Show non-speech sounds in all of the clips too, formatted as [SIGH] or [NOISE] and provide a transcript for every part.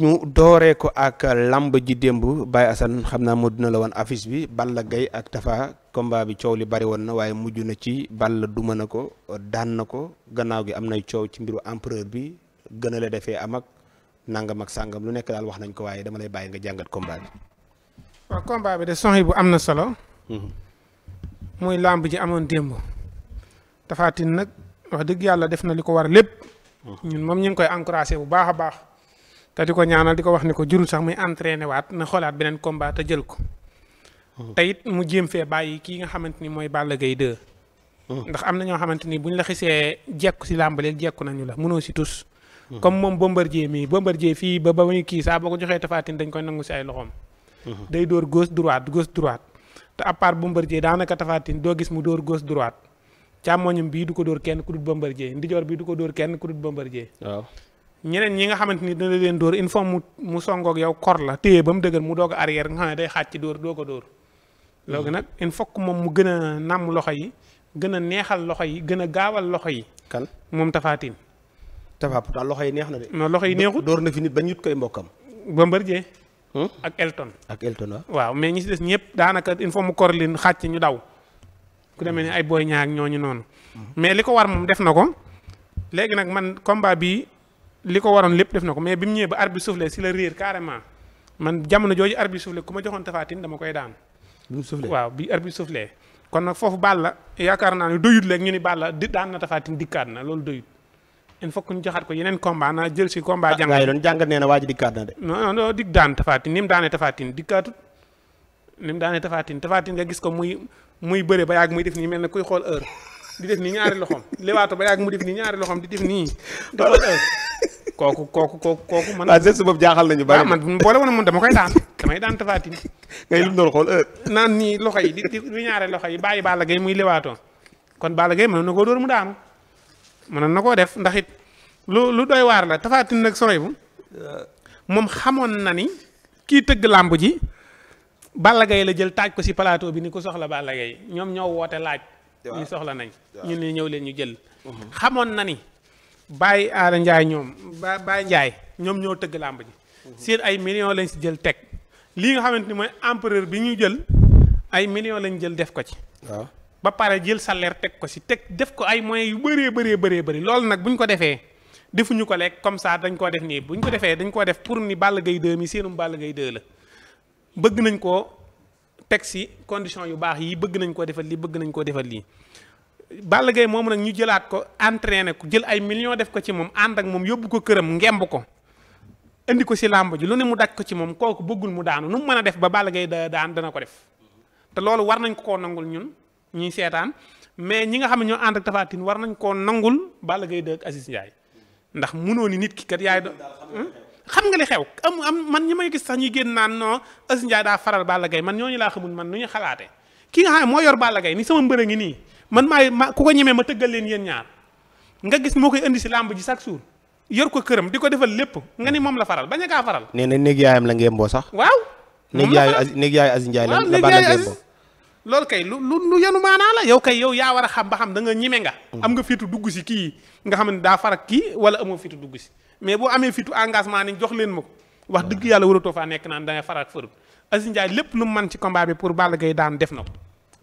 ñu dooree ko ak lamb ji démb Baye Assane xam naa moo dina la woon affiche bi Balla gay ak Tafa combat bi coow li bari woon na waaye mujj na ci Balla duma na ko daan na ko gannaaw gi am na coow ci mbiru empereur bi gën a defee am ak nangam ak sàngam lu nekk daal wax nañ ko waaye dama lay bàyyi nga jàngat combat bi. waaw combat bi de soxna bu am na solo. Mhm. muy lamb ji amoon démb. Tapha Tine nag wax dëgg yàlla def na li ko war lépp. Mhm. ñun moom ñu koy encouragé bu baax a baax. te di ko ñaanal di ko wax ni ko jurul sax muy entraîné waat na xolaat beneen combat te jël ko. Hmm. te it mu jéem fee bàyyi kii nga xamante ni mooy Balla Gaye 2. Hmm. ndax am na ñoo xamante ni buñ la xisee jekku si làmb leen jekku nañu la mënoo si tus. Hmm. comme moom Bombardier mii Bombardier fii ba ba muy kii sax boo ko joxee tafaatin dañ koy nangu si ay loxoom. day dóor gauche droite gauche droite te à part Bombardier daanaka tafaatin doo gis mu dóor gauche droite càmmoñam bii du ko dóor kenn ku dul Bombardier ndijoor bii du ko dóor kenn ku dul Bombardier. ñeneen ñi nga xamante ni dana leen dóor il faut mu mu songoog yow kor la téye ba mu dëgër mu doog a arrière nga xam ne day xaaj ci dóor doo ko dóor loolu nag il faut moom mu gën a nàmm loxo yi gën a neexal loxo yi gën a gaawal loxo yi. kan moom tafaatin. tafaat pourtant loxo yi neex na loxo yi neexut dóor na fi nit ba ñut koy mbokkam. ba mbërjee hmm? ak Elton. ak Elton waaw. mais ñi des ñëpp daanaka il mu kor leen xàcc ñu daw. ku demee ni ay booy ñaar ñooñu noonu. Hmm. mais li ko war moom def na ko. léegi nag man combat bi li ko waroon lépp def na ko mais bi mu ñëwee ba arbitre soufflé si la réer carrément man jamono jooju arbitre soufflé ku ma joxoon tafaatin dama koy daan. waaw bi arbitre soufflé kon nag foofu Balla yaakaar naa ne doyut léegi ñu ni Balla di daan na tafaatin dikkaat na loolu doyut il faut que ñu joxaat ko yeneen combat naa jël si combat ah, jàng waaye doon jàngat nee na waa ji dikkaat na de non non dig daan tafaatin ni mu daanee tafaatin dikkaatut ni mu daanee tafaatin tafaatin nga gis ko muy muy bëre ba yàgg muy def nii mel ne kuy xool heure di def nii ñaari loxoom lewaatu ba yàgg mu def nii ñaari loxoom di def nii. [LAUGHS] dafa kooku kooku kooku kooku man. waaw geste boobu jaaxal nañu bari. man boole woon moom dama koy daan damay daan tafaatin. ngay lim doon xool eh. naan nii loxo yi di di ñaari loxo yi bàyyi Balla Gaye muy lewaatoo kon Balla Gaye mënoon na koo dóor mu daanu mënoon na koo def ndax it lu lu waar la tafaatin nag soroy bu moom xamoon na ni kii tëgg làmb ji Balla Gaye la jël taaj ko si palaato bi ni ko soxla Balla Gaye ñoom ñoo woote laaj. ñu soxla nañ ñun ne ñëw leen ñu jël mhm. xamoon na ni Baye Aara Ndiaye ñoom ba Baye Ndiaye ñoom ñoo tëgg làmb ji mhm. seen ay millions lañ si jël teg lii nga xamante ni mooy empereur bi ñu jël ay millions lañ jël def ko ci ba pare jël salaire teg ko si teg def ko ay moyens yu bëree bëree bëree bëri loolu nag bu ñu ko defee defuñu ko lekk comme ça dañ koo def nii bu ñu ko defee dañ koo def pour ni Balla gay 2 mi seenum Balla Gaye 2 la bëgg nañ ko teg si condition yu baax yi bëgg nañ koo defal lii bëgg nañ koo defal lii Balla Gaye moom nag ñu jëlaat ko entraîné ku jël ay million def ko ci moom ànd ak moom yóbbu ko këram ngemb ko indi ko si làmb ji lu ne mu daj ko ci moom kooku bëggul mu daanu nu mu mën a def ba Balla Gaye da daan dana ko def te loolu war nañ ko koo nangul ñun ñuy seetaan mais ñi nga xam ne ñoo ànd ak war nañ koo nangul Balla gay de ak Aziz ndax mënoo ni nit ki kat yaay do xam nga li xew am am man ñi may gis sax ñuy génn naan non Aziz Ndiaye daa faral Balla Gaye man ñooñu laa xamul man lu ñu xalaate kii nga xam ne moo yor Balla sama mbër a ngi nii man maay ma ku ko ñemee ma tëggal leen yéen ñaar nga gis moo koy indi si làmb ji chaque jour yor ko këram di ko defal lépp nga ni moom la faral bañ a kaa faral. nee na néeg yaayam la ngémboo sax. waaw. moom la faral néeg yaayu Aziz la Balla ngémboo loolu kay lu lu lu yenu maanaa la yow kay yow yaa war a xam ba xam da nga ñime nga. Mm. am nga fitu dugg si kii nga xam ne daa farak kii wala amoo fitu dugg si mais boo amee fitu engagement ni jox leen ma ko wax dëgg yàlla waratoo faa nekk naan da ngay faraat fërut Aziz lépp lu mu mën ci combat bi pour Balla Gaye daan def na ko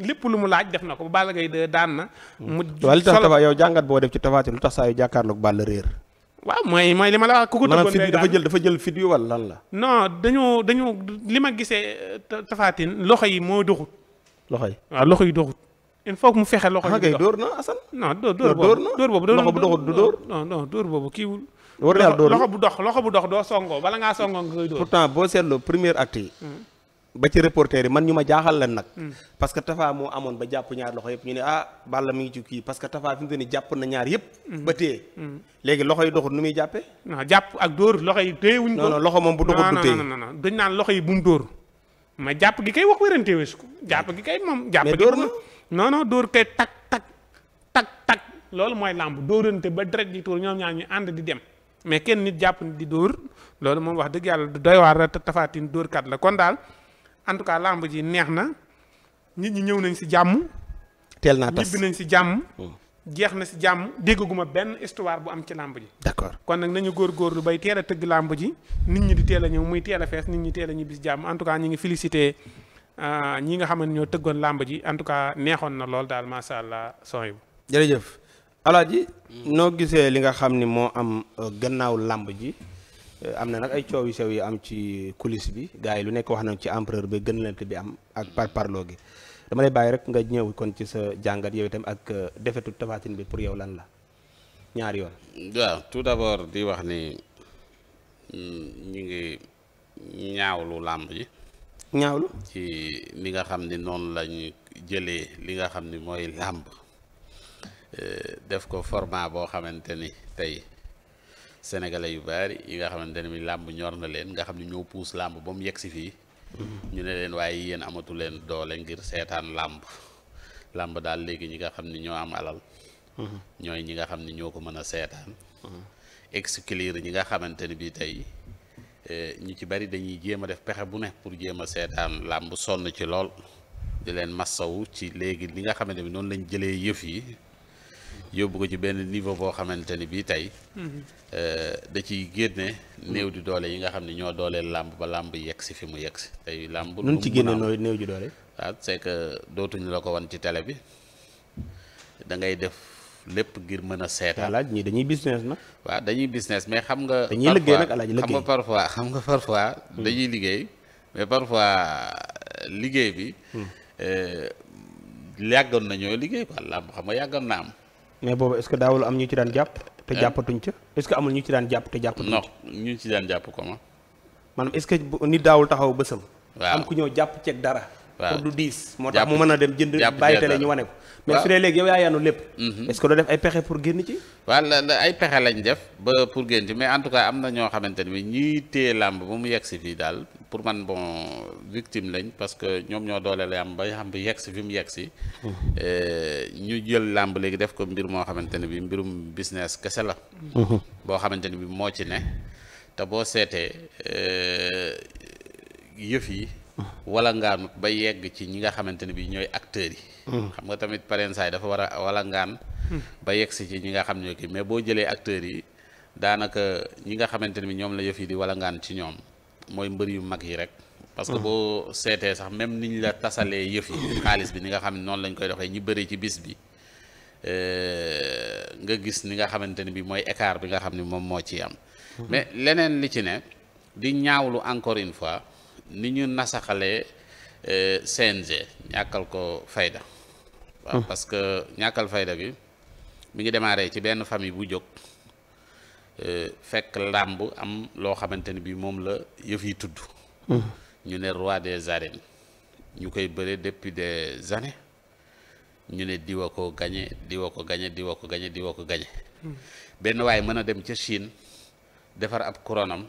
lépp lu mu laaj def na ko bu Balla Gaye de daan na. mu mm. sol li tax yow jàngat boo def ci tafaati lu tax saa yu jàkkaarloog Balla réer. waaw mooy mooy li ma la wax ku ko dëggoon fit bi dafa jël dafa jël fit bi wala lan euh, tafaatin loxo yi moo doxut. loxo yi waaw loxo yi doxut. il faut mu fexe loxo yi ah, dox. na Assane. non dóor boobu dóor na. dóor boobu bu doxut du dóor. non non boobu kiiwul. war na loxo bu dox loxo bu dox doo songoo bala ngaa songoo nga koy dóor pourtant boo seetloo premier acte yi hmm. ba ci reporter yi man ñu ma jaaxal leen nag hmm. parce que Tafa moo amoon ba jàpp ñaar loxo yëpp ñu ne ah Balla mi ngi ci kii parce que Tafa fi mu toll nii ñaar yëpp hmm. ba téye léegi loxo yi doxul nu muy jàppee non jàpp ak dóor loxo yi téye wuñ loxo moom bu doxul du téye non non dañ naan loxo yi bu mu dóor mais jàpp gi kay wax wérante weesu ko jàpp gi kay moom jàpp gi dóor na non non dóor kay tak tak tak tak loolu mooy làmb dóorante ba deret ji tuur ñoom ñaar ñu ànd di dem mais kenn nit jàpp ni di dóor loolu moom wax dëgg yàlla du doy waar la te tafaatin dóorkat la kon daal en tout cas làmb ji neex na nit ñi ñëw nañ si jàmm. teel naa tas ñibbi nañ si jàmm. Hmm. jeex na si jàmm déggaguma benn histoire bu am ci làmb ji. d'accord kon nag nañu góorgóorlu bay teel a tëgg làmb ji nit ñi di teel a ñëw muy teel a fees nit ñi teel a ñibbi si jàmm en tout cas ñu ngi félicité euh, ñi nga xam ne ñoo tëggoon làmb ji en tout cas neexoon na lool daal macha allah so yu. jërëjëf. alaaji mm. noo gisee li nga xam ni moo am euh, gannaaw làmb ji euh, am na nag ay coow yu sew yi am ci coulisse bi gars yi lu nekk wax nañ ci empereur bi gën lent bi am ak par parloo gi dama lay bàyyi rek nga ñëw kon ci sa jàngat yow itam ak euh, defetu Tapha bi pour yow lan la ñaari yoon. waaw tout d'abord di wax ni mm, ñu ngi ñaawlu làmb ji. ñaawlu ci li nga xam ni noonu lañuy jëlee li nga xam ni mooy làmb. Eh, def ko format boo xamante ni tey sénégalais yu bari yi nga xamante ni làmb ñor na leen nga xam ne ñoo puus làmb ba mu yegg si fii mm-hmm. ñu ne leen waaye yéen amatu leen doole ngir seetaan làmb làmb daal léegi ñi nga xam ni ñoo am alal mm-hmm. ñooy ñi nga xam ni ñoo ko mën a seetaan mm-hmm. exclure ñi nga xamante ni bii tey eh, ñu ci bari dañuy jéem a def pexe bu ne pour jéem a seetaan làmb sonn ci lool di leen massawu ci léegi li nga xamante ni noonu lañ jëlee yëf yi yóbbu ko ci benn niveau boo xamante ni bii tey. Mhm. Euh, da ciy génne néew di doole yi nga xam ne ñoo dooleel làmb ba làmb yegg si fi mu yegg si tey làmb. lu mu ci génne nooy néew di doole. waaw ah, c'est que dootuñu la ko wan ci télé bi dangay def lépp ngir mën a seetaan. alaaj ñii dañuy business na waa dañuy business mais xam nga. dañuy liggéey nag alaaj liggéey xam nga parfois xam nga parfois. Hmm. dañuy liggéey mais parfois liggéey bi. Hmm. Euh, yàggoon na ñoo liggéey quoi làmb xam nga yàggoon na am. mais boobu est-ce que daawul am ñu ci daan jàpp te eh? jàppatuñ ca est-ce que amul ñu ci daan jàpp te jàppatuñ ca non ñu ci daan jàpp comment maanaam est-ce que nit daawul taxaw bësam am ku ñëw jàpp ceeg dara pour du diis moo tax mu mën a dem jënd bàyyi télé ñu wane ko mais su dee léegi yow yaa yaanu lépp mhm. est-ce que doo def ay pexe pour génn ci wala ay pexe lañ def ba pour génn ci mais en tout cas am na ñoo xamante ni bi ñuy téye làmb ba mu yegg si fii daal pour man bon victime lañ parce que ñoom ñoo doole làmb ba xam bi yegg si fi mu yegg si mhm. eh, ñu jël làmb léegi def ko mbir moo xamante ne bi mbirum business kese la mhm. boo xamante ni bi moo ci ne te boo seetee eh, yëf yi walangaan ba yegg ci ñi nga xamante ne bi ñooy acteurs yi mm. xam nga tamit parensaay dafa war a walangaan mm. ba yegg ci ñi nga xam ñoo kii mais boo jëlee acteurs yi daanaka ñi nga xamante ne bi ñoom la yëf yi di walangaan ci ñoom mooy mbër yu mag yi rek parce que mm. boo seetee sax même niñ la tasalee yëf yi xaalis bi ni nga xam noonu lañ koy doxee ñi bëri ci bis bi euh, nga gis ni nga xamante ne bi mooy écart bi nga xam ni moom moo ci am mm-hmm. mais leneen li ci ne di ñaawlu encore une fois ni ñu nasaxalee euh, CNG ñàkkal ko fayda waaw hmm. parce que ñàkkal fayda bi mu ngi démarré ci benn famille bu jóg euh, fekk làmb am loo xamante ni bi moom la yëf tudd hmm. ñu ne roi des arènes ñu koy bëree depuis de années ñu ne diwa ko gañe diwa ko gañe diwa ko gañe diwa ko gañe hmm. benn waaye mën a dem ca Chine defar ab couronne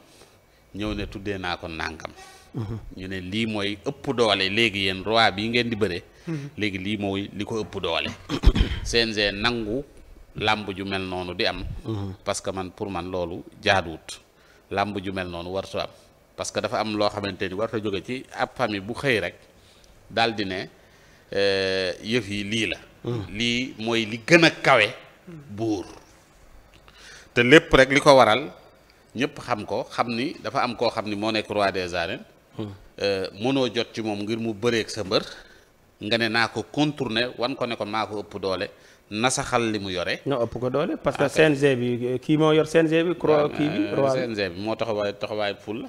ñëw ne tuddee naa ko nàngam ñu ne lii mooy ëpp doole léegi yéen roi bi ngeen di bëre. léegi lii mooy li ko ëpp doole. CNG [COUGHS] nangu làmb ju mel noonu di am. parce que man pour man loolu jaaduwut làmb ju mel noonu wartu am parce que dafa am loo xamante ni warta jóge ci ab famille bu xëy rek daal di ne euh, yëf yi lii la. lii mooy li gën a kawe buur te lépp rek li ko waral. ñëpp xam ko xam ni dafa am koo xam ni moo nekk roi des arènes Euh, mënoo jot ci moom ngir mu bëreeg sa mbër nga ne naa ko contourner wan ko ne ko maa ko ëpp doole na sa nasaxal li mu yore. non ëpp ko doole parce que ah, CNG bi kii moo yor CNG bi. croix ah, bi CNG bi moo taxawaay taxawaay ful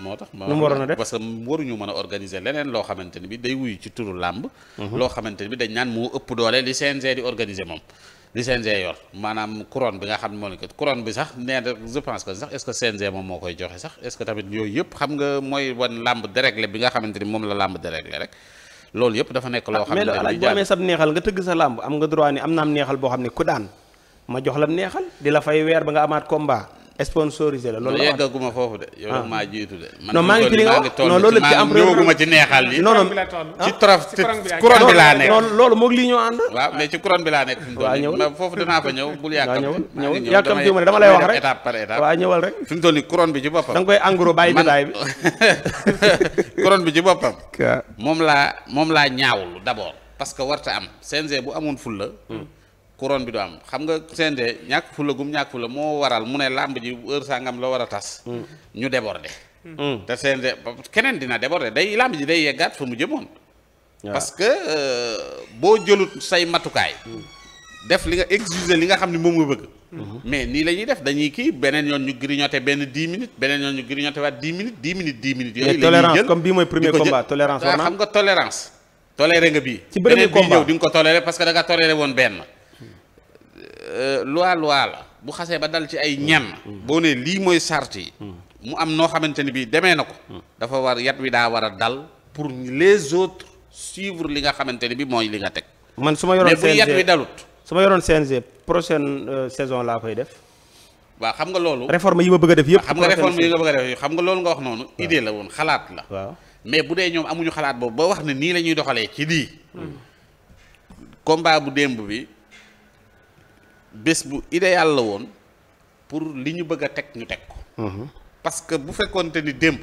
moo tax ma waroon a def parce que waruñu mën a organiser leneen loo xamante ni bi day wuyu ci turu làmb. Mhm. loo xamante bi dañ naan moo ëpp doole li CNG di organiser moom. li CNG yor maanaam couronne bi nga xam ne moo ko couronne bi sax nee na je pense que sax est-ce moom moo koy joxe sax est-ce que tamit yooyu yëpp xam nga mooy wan làmb déréglé bi nga xamante ni moom la làmb déréglé rek loolu yëpp dafa nekk loo ah, xam ne mais boo amee sab neexal nga tëgg sa làmb am nga droit ni am naa am neexal boo xam ne ku daan ma jox la neexal di la fay weer ba nga amaat combat sponsorisé la loolu la yeggaguma foofu de. yow nag ah. maa jiitu de. non maa ngi ci li loolu moo am ñëwaguma ci neexal li non laa nekk. non loolu moog lii ñoo ànd. waaw mais ci couronne bi laa nekk. waaw ñëw bul yàkkam. ma dama lay wax rek étape par étape. waaw ñëwal rek fi mu toll nii couronne bi ci boppam. da koy engrais bàyyi détail bi. [LAUGHS] couronne bi ci boppam. moom laa moom laa ñaawlu d'abord parce que warta am CNG bu amoon fulla hmm. couronne bi du am xam nga CNG ñàkk fula gum ñàkk fula moo waral mu ne làmb ji heure sangam la war a tas. Mm. ñu débordé. Mm. te CNG keneen dina débordé day làmb ji day yeggaat fa mu jëmoon. parce que euh, boo jëlut say matukaay. Mm. def li nga exiger li nga xam ne moom nga bëgg. Mm-hmm. mais nii la def dañuy kii beneen yoon ñu grignoté benn 10 minutes beneen yoon ñu grignoté waat 10 minutes 10 minutes yooyu la jël comme bii mooy premier combat tolérance ah, xam nga ko toléré parce que da nga Euh, loi loi la bu xasee ba dal ci ay ñan boo nee lii mooy sart yi. mu am noo xamante ni bii demee na ko. dafa war yat wi daa war a dal pour les autres suivre li nga xamante ni bii mooy li nga teg. man su ma yoroon CNG mais bu yat wi dalut. su ma yoroon CNG euh, saison laa koy def. waa xam nga loolu. réforme yi ma bëgg a def yëpp. xam nga réforme yi nga loolu nga wax noonu. idée la woon xalaat la. waaw mais bu dee ñoom amuñu xalaat boobu ba wax ne nii la ñuy doxalee ci lii. Hmm. combat bu démb bi. bés bu idéal la woon pour li ñu bëgg teg ñu teg ko. Mhm. parce que bu fekkoonte ni démb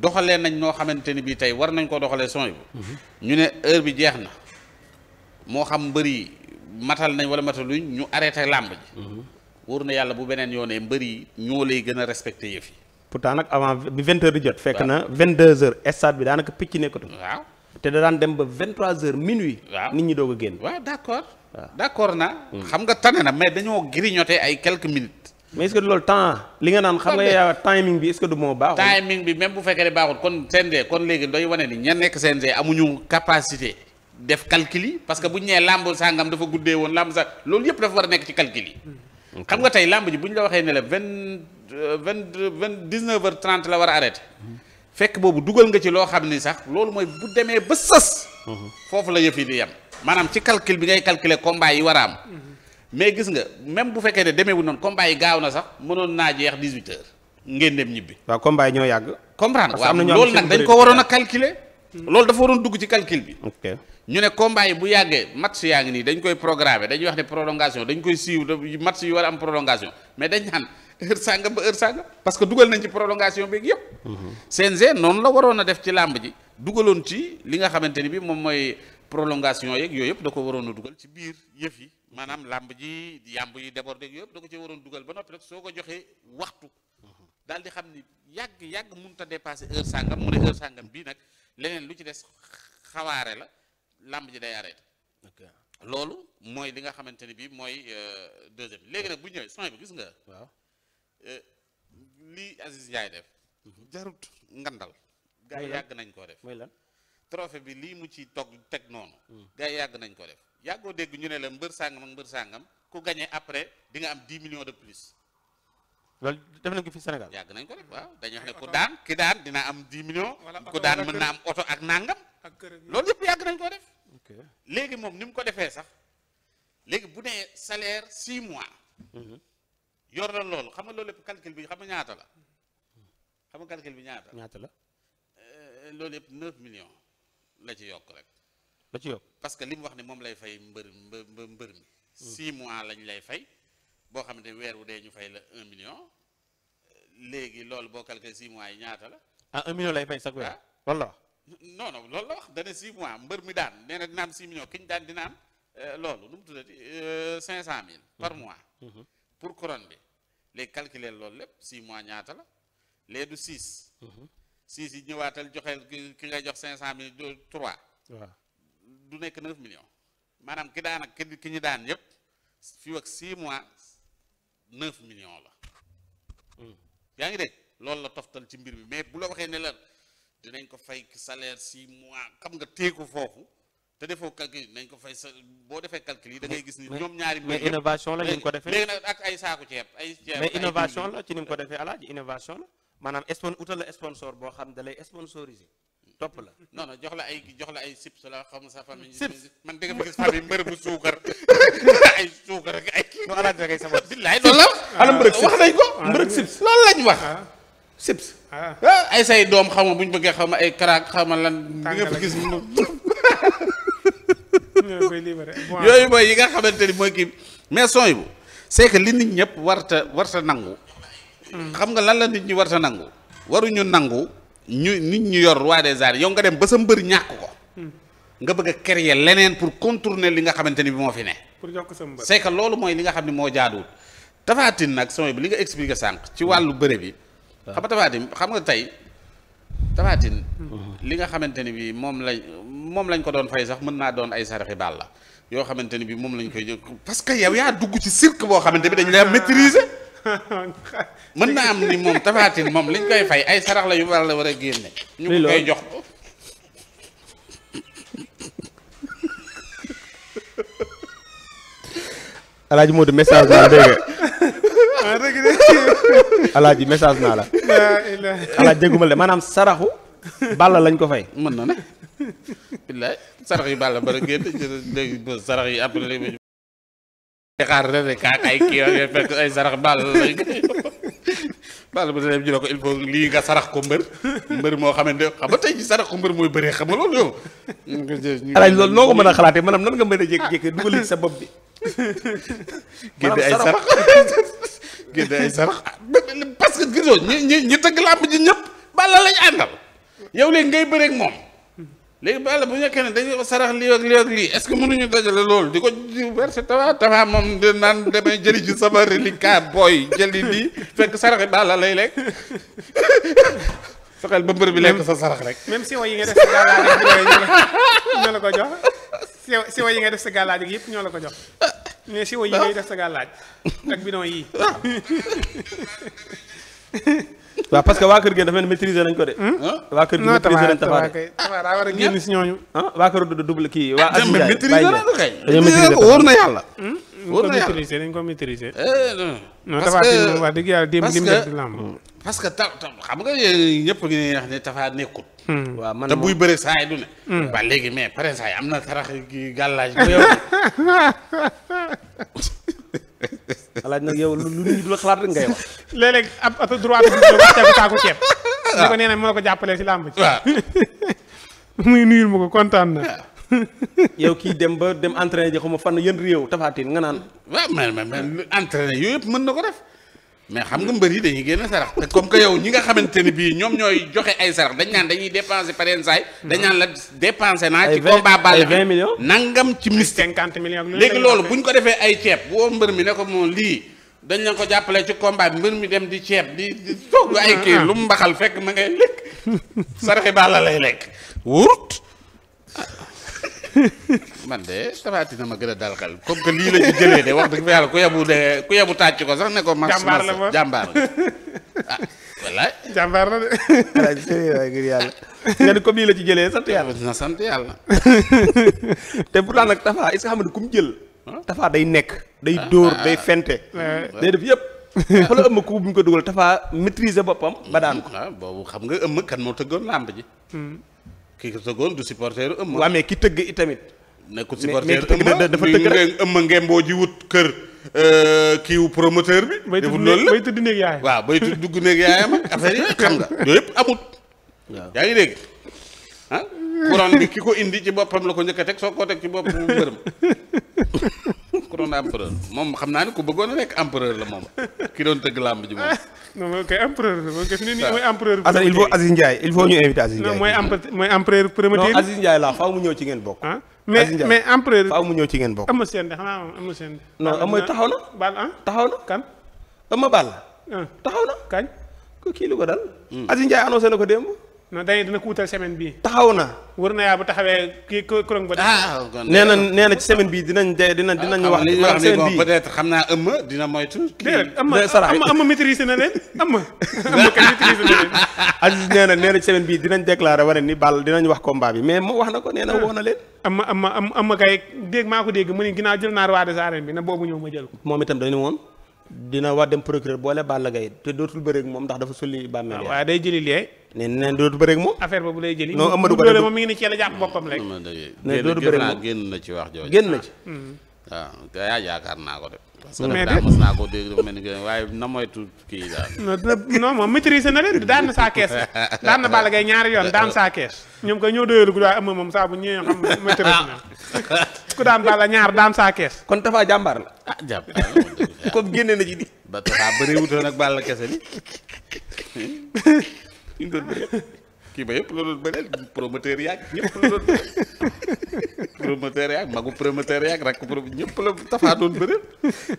doxalee nañ noo xamante ni bii tey war nañ ko doxalee son yi. Mhm. ñu ne heure bi jeex na moo xam mbër yi matal nañ wala mataluñ ñu arrêté làmb ji. Mhm. wóor na yàlla bu beneen yoonee mbëri yi ñoo lay gën a respecté yëf yi. pourtant nag avant bi vingt heures di jot. fekk na vingt deux heures stade bi daanaka picc nekkatul. waaw te da daan dem ba vingt trois heures minuit. waaw nit ñi doog a génn. Ah. d'accord na. Hmm. xam nga tane na mais dañoo grignoter ay quelques minutes. mais est-ce que loolu temps li nga naan xam nga yaa timing bi est-ce que du moo baaxul. timing bi même bu fekkee ne baaxul kon CNG kon léegi doy wane ni ña nekk CNG amuñu capacité. def calcul parce que bu ñu nee làmb sangam dafa guddee woon làmb sa loolu yëpp dafa war a nekk ci calcul yi. Hmm. xam nga tey làmb ji bu ñu la waxee ne la vingt euh, vingt vingt dix neuf heures trente la war a arrêté. Hmm. fekk boobu dugal nga ci loo xam ni sax loolu mooy bu demee ba sës. foofu la yëf yi di yem. maanaam ci calcule bi ngay calculer combat yi war a mhm. mais gis nga même bu fekkee ne demeewul noonu combat yi gaaw na sax mënoon naa jeex 18 heures ngeen ñibbi. waaw combat yi ñoo yàgg. comprendre waaw loolu nag dañ ko waroon a calculer. Mhm. loolu dafa waroon dugg ci calcul bi. ñu ne combat bu yàggee match yaa ngi nii dañ koy programmer dañuy wax ne prolongation dañ koy suivre match yu war a am prolongation mais dañ naan heure sànga parce que dugal nañ ci prolongation beeg yëpp. Mhm. CNG noonu la waroon a def ci làmb ji dugaloon ci li nga xamante ni bi moom mooy. prolongation yeeg yooyu yëpp da ko waroon dugal ci biir yëf yi maanaam làmb ji yàmb yi débordé yooyu yëpp da ko ci waroon dugal ba noppi rek soo ko joxee waxtu daal di xam ni yàgg yàgg mënut a dee heure sàngam mu ne heure bii nag leneen lu ci des xawaare la làmb ji day arrêté loolu mooy li nga xamante ni bii mooy euh, deuxième léegi nag bu ñëwee son bi gis nga. waaw euh, lii Aziz Ndiaye def. Mhm. jarut ngandal. gaa yi yàgg nañ koo def. trophée bi lii mu ci toog teg noonu hmm. gars yàgg nañ ko def yàggoo dégg ñu ne la mbër sàngam ak mbër sàngam ku gagné après di nga am 10 millions de plus loolu def nañ ko fi Sénégal yàgg nañ ko def waaw dañu wax ne ku daan ki daan dina am 10 millions ku daan mën na am oto ak nàngam loolu yëpp yàgg nañ koo def léegi moom ni mu ko defee sax léegi bu nee salaire 6 mois mhm. yor na loolu xam nga loolu yëpp calcul bi xam nga ñaata la hmm. xam nga calcul bi ñaata ñaata la euh, loolu yëpp 9 millions la ci yokk rek. la ci yokk parce que li mu wax ne moom lay fay mbër mbë mbër mi. 6 hmm. mois lañ lay fay boo xam ne weer wu dee ñu fay la 1 million léegi loolu boo calculé 6 mois yi ñaata la. ah lay fay sax weer ah. loolu la wax. non non la wax dana 6 mois mbër mi daan nee na dina am 6 ki ñu daan dina am euh, loolu nu mu tuddati 500000. Euh, par hmm. mois. Hmm. pour couronne bi léegi calculer loolu lépp 6 mois ñaata la léegi du 6. six yi ñëwaatal joxel ki ngay jox cinq cent mille du trois waaw du nekk neuf million maanaam ki daan ak ki ñu daan yëpp fii ak mois neuf millions la hmm. yaa ngi dégg loolu la toftal ci mbir bi mais bu la waxee ne la dinañ ko fay salaire six mois xam nga téeku foofu te defoo calcul ko fay sa boo defee calcul yi da ngay gis ni ñoom ñaari. mais innovation la ni mu ko ak ay saaku ceeb ay. ceeb mais innovation la ci ni ko defee alaaji innovation la. maanaam sponsor utal la sponsor boo xam da lay sponsorisé topp la. [LAUGHS] non non jox la ay jox la ay sips la xam sa famille. sips man dégg nga gis bu suukar [LAUGHS] ay suukar ak ay. la. ala ah. mbërëg sips ko ah. ah. ay say doom xaw ma bu bëggee xaw ma ay karaak xaw la lan. nga fa gis [LAUGHS] yooyu mooy yi nga xamante ni mooy kii mais son yi bu c'est que li nit ñëpp warta warta nangu. xam nga lan la nit ñi war sa nangu waruñu nangu ñu nit ñu yor roi de arènes yow nga dem ba sa mbër ñàkk ko hmm. nga bëgg a créer leneen pour contourner li nga xamante ni bi moo fi ne pour yokk sa mbër c'est que loolu mooy li nga xam ne moo jaaduwul tafaatin nag sama bi li nga expliqué sànq ci wàllu bëre bi hmm. xam nga xam nga tey tafaatin hmm. li nga xamante ni bi moom lañ moom lañ ko doon fay sax mën naa doon ay saraxi baal yoo xamante ni bi moom lañ koy jël parce que yow yaa dugg ci cirque boo xamante bi dañ lay maîtriser [LAUGHS] mën na am ni moom Tapha moom liñ koy fay ay sarax la yu war war a génne. ñu ko koy jox. Alaaji Modou message naa dégg nga. [LAUGHS] Ah, message naa la. Alaaji dégguma la maanaam saraxu. Balla lañ ko fay. mën na ne. billaay sarax yu Balla bara génn léegi sarax yi après xaar rek rek ay kii yooyu fekk ay sarax baal baal bu dee ñu ne ko lii nga sarax ko mbër mbër moo xamante ne xam nga tey jii sarax ko mbër mooy bëree xam nga loolu yow. alaaj loolu noo ko mën a xalaatee maanaam nan nga mën a jékki-jékki dugal ci sa bopp bi. génne ay sarax génne ay sarax ñi ñi tëgg làmb ji ñëpp bala lañ àndal yow léegi ngay bëree moom. léegi bala bu nekkee ne dañuy sarax lii ak lii ak lii est-ce que mënuñu dajale loolu di ko di verser tawa tawa moom di naan damay jëli ji sama kaa booy jëli lii fekk saraxi bala lay lekk fexeel ba mbër bi lekk sa sarax rek. même si yi nga def si gàllaaj ñoo la yi nga def si gàllaaj yëpp ñoo la ko jox mais si yi ngay def sa gàllaaj ak bidon yii. [LAUGHS] waaw parce que waa kër gi dafa mel maîtriser nañ ko de. Hmm? waa kër gi maîtriser nañ Tapha daa war a génn si ñooñu. Ah, waa kër du double kii waa. Aziz Ndiaye maîtriser ko kay. maîtriser ko yàlla. Hmm? Hmm. parce que ta xam nga ñëpp ngi ne wax ne Tapha nekkut. waaw man bëre saa yi du ne. waa léegi mais pare saa yi am na tarax gàllaaj bu yow. [LAUGHS] alaaj nag yow lu nit ñi dul xalaat rek ngay wax. [LAUGHS] léeg-léeg ab ab droit bi tegu saako ceeb. waaw [LAUGHS] ni ko nee moo ko jàppalee si làmb ci. waaw [LAUGHS] muy nuyul ma ko kontaan na. yow kii dem ba dem entraîné ji xaw ma fan yën réew Tapha Tine nga naan. waaw man man man entraîné yooyu yëpp mën na ko def. mais xam nga mbër yi dañuy génn sarax te comme que yow ñi nga xamante ni bii ñoom ñooy joxe ay sarax dañ naan dañuy dépenser pareen saay dañ naan la dépenser naa ci combat Balla vingt millions nangam ci mystique cinquante millions léegi loolu bu buñ ko defee ay ceeb woo mbër mi ne ko moom lii dañ leen ko jàppale ci combat bi mbër mi dem di ceeb di di togg ay ah, kii ah. lu mu mbaxal fekk ma ngay lekk saraxi Balla lay lekk wurut man de tabaati na ma gën a dal xel comme que lii la ñu jëlee de wax dëgg fa yàlla ku yebu de ku yebu tàcc ko sax ne ko. max jàmbaar la ma ah, jàmbaar la de. yàlla. nga ni comme lii la ci jëlee sant yàlla. na sant yàlla. te pourtant nag Tafa est que xam nga ku jël. Tafa day nekk. day ah, dóor ah, day fente. day def yëpp. fa [LAUGHS] la ëmm ku bu ñu ko dugal Tafa maîtriser boppam ba daan ko. waaw boobu xam nga ëmm kan moo tëggoon làmb ji. Hmm. kii ko tëggoon du supporter ëmma. waaw mais ki tëgg itamit. nekkul supporter ëmma dafa tëgg rek ëmma ji wut kër. Euh, kiiw promoteur bi. defut loolu la bay tudd néeg yaayam waaw bay tudd dugg néeg yaayam ak affaire yi xam nga yooyu yëpp amut. yaa ngi dégg ah courant bi ki ko indi ci boppam la ko njëkk a teg soo ko teg ci boppam mu bërëm. [LAUGHS] ku doon empereur moom xam naa ne ku bëggoon a nekk empereur la moom ki doon tëgg làmb ji moom. [LAUGHS] non kay empereur la il faut Aziz il faut ñu invité Aziz mooy empereur mooy empereur laa faaw mu ñëw ci ngeen bokk. Ah, mais empereur. faaw mu ñëw ci ngeen bokk. am seen de xanaa am taxaw na. Bal ah? taxaw na kan. ama Bal. Ah. taxaw na kañ. kii lu ko dal. Hmm. Aziz Ndiaye na ko démb. non dañuy dina ko wutal semaine bii. taxaw na. wër na yaa bu taxawee kii kuréel ba. ah kon nee na nee na ci semaine bii dinañ de dinañ dinañ. Ah, wax li wax ni bon peut être moytu. déedéet ëmm ëmm maîtrisé na leen ëmm. ëmm kay maîtrisé na leen. Aziz nee na nee na ci semaine dinañ ni Balla dinañ wax combat bi mais moo wax na ko nee na woo na leen. ëmm ëmm ëmm kay dégg maa ko dégg mu ne ginnaaw jël naar roi des bi na boobu ñëw ma jël moom itam dañu woon. dina war dem procureur boole Balla Gaye te dootul bëreeg moom ndax dafa sulli bàmmeel waaw waaye day jëli lee ne nee dootul bëreeg moom affaire boobu lay jëli non Amadou Ba moom mi ngi la jàpp boppam rek ne dootul bëreeg moom génn na ah, naa ko de parce que daal mos naa waaye na moytu kii daal [LAUGHS] non moom maîtrise na daan na saa kees daan na Balla Gaye ñaari yoon daan saa kees ñoom koy ñoo doyal gu waaye ëmma moom saa bu ñëwee xam na [LAUGHS] ku daan bala ñaar daan saa kees. kon Tafa jàmbar la. ah jàmbaar la génne na ci di. ba Tafa bëree wutoon ak bala kese bi. ñu doon bëree kii ba yëpp la doon bëree promoteur yaag ñëpp la doon bëree. promoteur yaag magu promoteur yaag rakk promoteur ñëpp la Tafa doon bëri.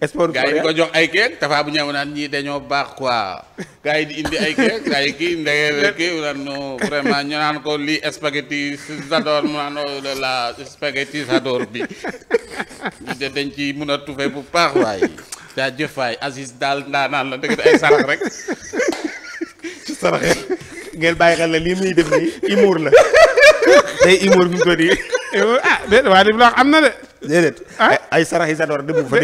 sport gaa yi di ko jox ay keek bu ñëw naan ñii dañoo baax quoi gaa yi di indi ay keek gaa yi kii ndege [LAUGHS] kii naan vraiment ñu naan ko lii spaghetti j'adore mu naan oh, la spaghetti j'adore bi de dañ ci mun a tufe bu baax waay jaajëf waay Aziz daal ndaanaan la dëgg ay sarax rek sarax ngeen bàyyi xel la lii muy def nii humour la day humour mu ko nii déedéet waaye li am na de. déedéet ah? ay sarax yi Sador dëgg fa.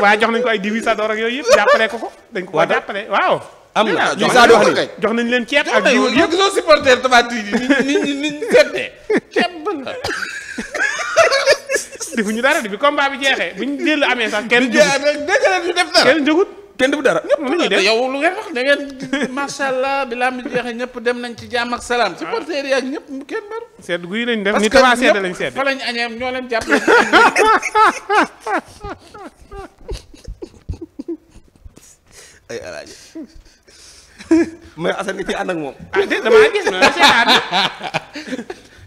waaye jox nañ ko ay diwi Sador ak yooyu yëpp [LAUGHS] jàppale ko ko. dañ ko ko jàppale waaw. am na jox nañ leen ceeb ak diw ak yëpp gisoo supporter tabaat yi ni ni ni seetee ceeb la. defuñu dara bi combat bi jeexee buñ jël amee sax kenn jógut kenn jógut. kenn dara yow lu ngeen wax da ngeen [LAUGHS] ñëpp dem nañ ci jàmm ak salaam. ci porteur yi ak ñëpp kenn baru. sedd guy lañ ñoo leen jàppale. ay alaaji mais Assane nga moom. ah déet damaa gis noonu la seetaan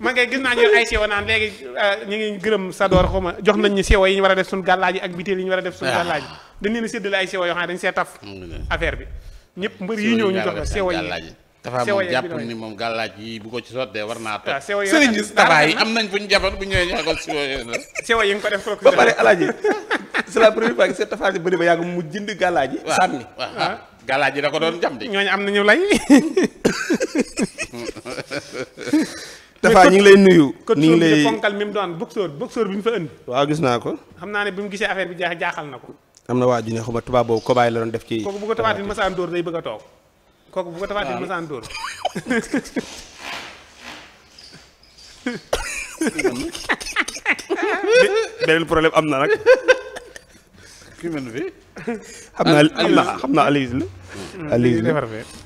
man kay gis naa ñu ay seewa naan léegi ah, ñu ngi gërëm Sador xaw ma jox nañ ñu seewa yi ñu war a def suñu gàllaaji ak bitéel yi ñu war a def suñu ah. gàllaaji dañ leen a séddale ay sewa yoo xam ne dañ see affaire bi ñëpp mbër yi ñëw ñu jox la sewa yi dafa moom jàpp moom gàllaaj yi bu ko ci sottee war naa toog ah, am nañ fu ñu jàppoon bu ñëwee ñu yi nga def ko ba pare alaaji la première fois que yàgg mu jënd gàllaaj yi sànni waaw gàllaaj yi da ko doon jam di ñooñu am nañu lay dafa [LAUGHS] ñu ngi lay nuyu ñu lay fonkal mi mu doon boxeur boxeur bi mu fa ënd gis naa ko xam naa ne bi mu gisee affaire bi jaaxal na ko am na waa ju ne xuma tubaab boobu kobaay la doon def ci. kooku bu ko tafaatin masaan dóor day bëgg a toog. kooku bu ko tafaatin masaan dóor. [LAUGHS] beneen problème am na nag. ki mel fi xam naa xam naa xam naa Aloyse la. Aloyse la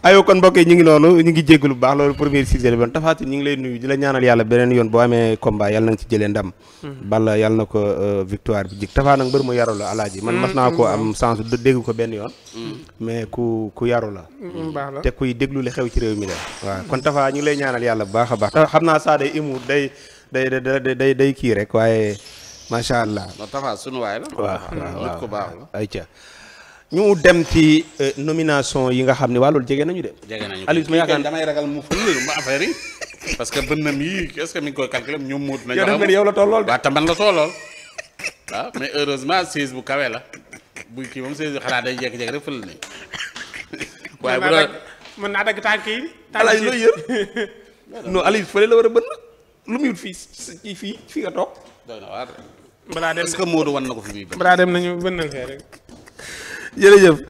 ayoo kon mbokk yi ñu ngi noonu ñu ngi jégalu bu baax loolu premier sujet bi Tapha Tine ñu ngi lay nuyu di la ñaanal yàlla beneen yoon boo amee combat yàlla na nga ci jëlee ndam. Hmm. Balla yàlla na ko euh, victoire bi jig Tapha nag mbër mu yaru la alaaji man mas naa ko am sens hmm. dégg ko benn yoon. Hmm. mais ku ku yaru la. te kuy déglu li xew ci réew mi la. waaw kon Tapha ñu ngi lay ñaanal yàlla bu baax a baax. xam naa saa day imu day day day day kii rek waaye macha allah Tafa sunu suñu la. waaw waaw nit ku baax la ayca ñu dem ci euh, nomination yi nga xam ne waa loolu jege nañu de. jege nañu Aliou ma yaakaar damay ragal mu ful ma affaire yi parce que bënnam yi mi ngi yow la toll lool man la toll lool waaw mais bu kawe la bu kii moom seize xanaa day jékki-jékki rek fële nañu. [LAUGHS] waaye bu doon tànk yi. tànk yi looy yër [LAUGHS] non Aliou fële la war a bënn lu muy fii fii fii nga toog. balaa dem est-ce que Modou na ko fi muy balaa dem nañu bënnal fee rek jërëjëf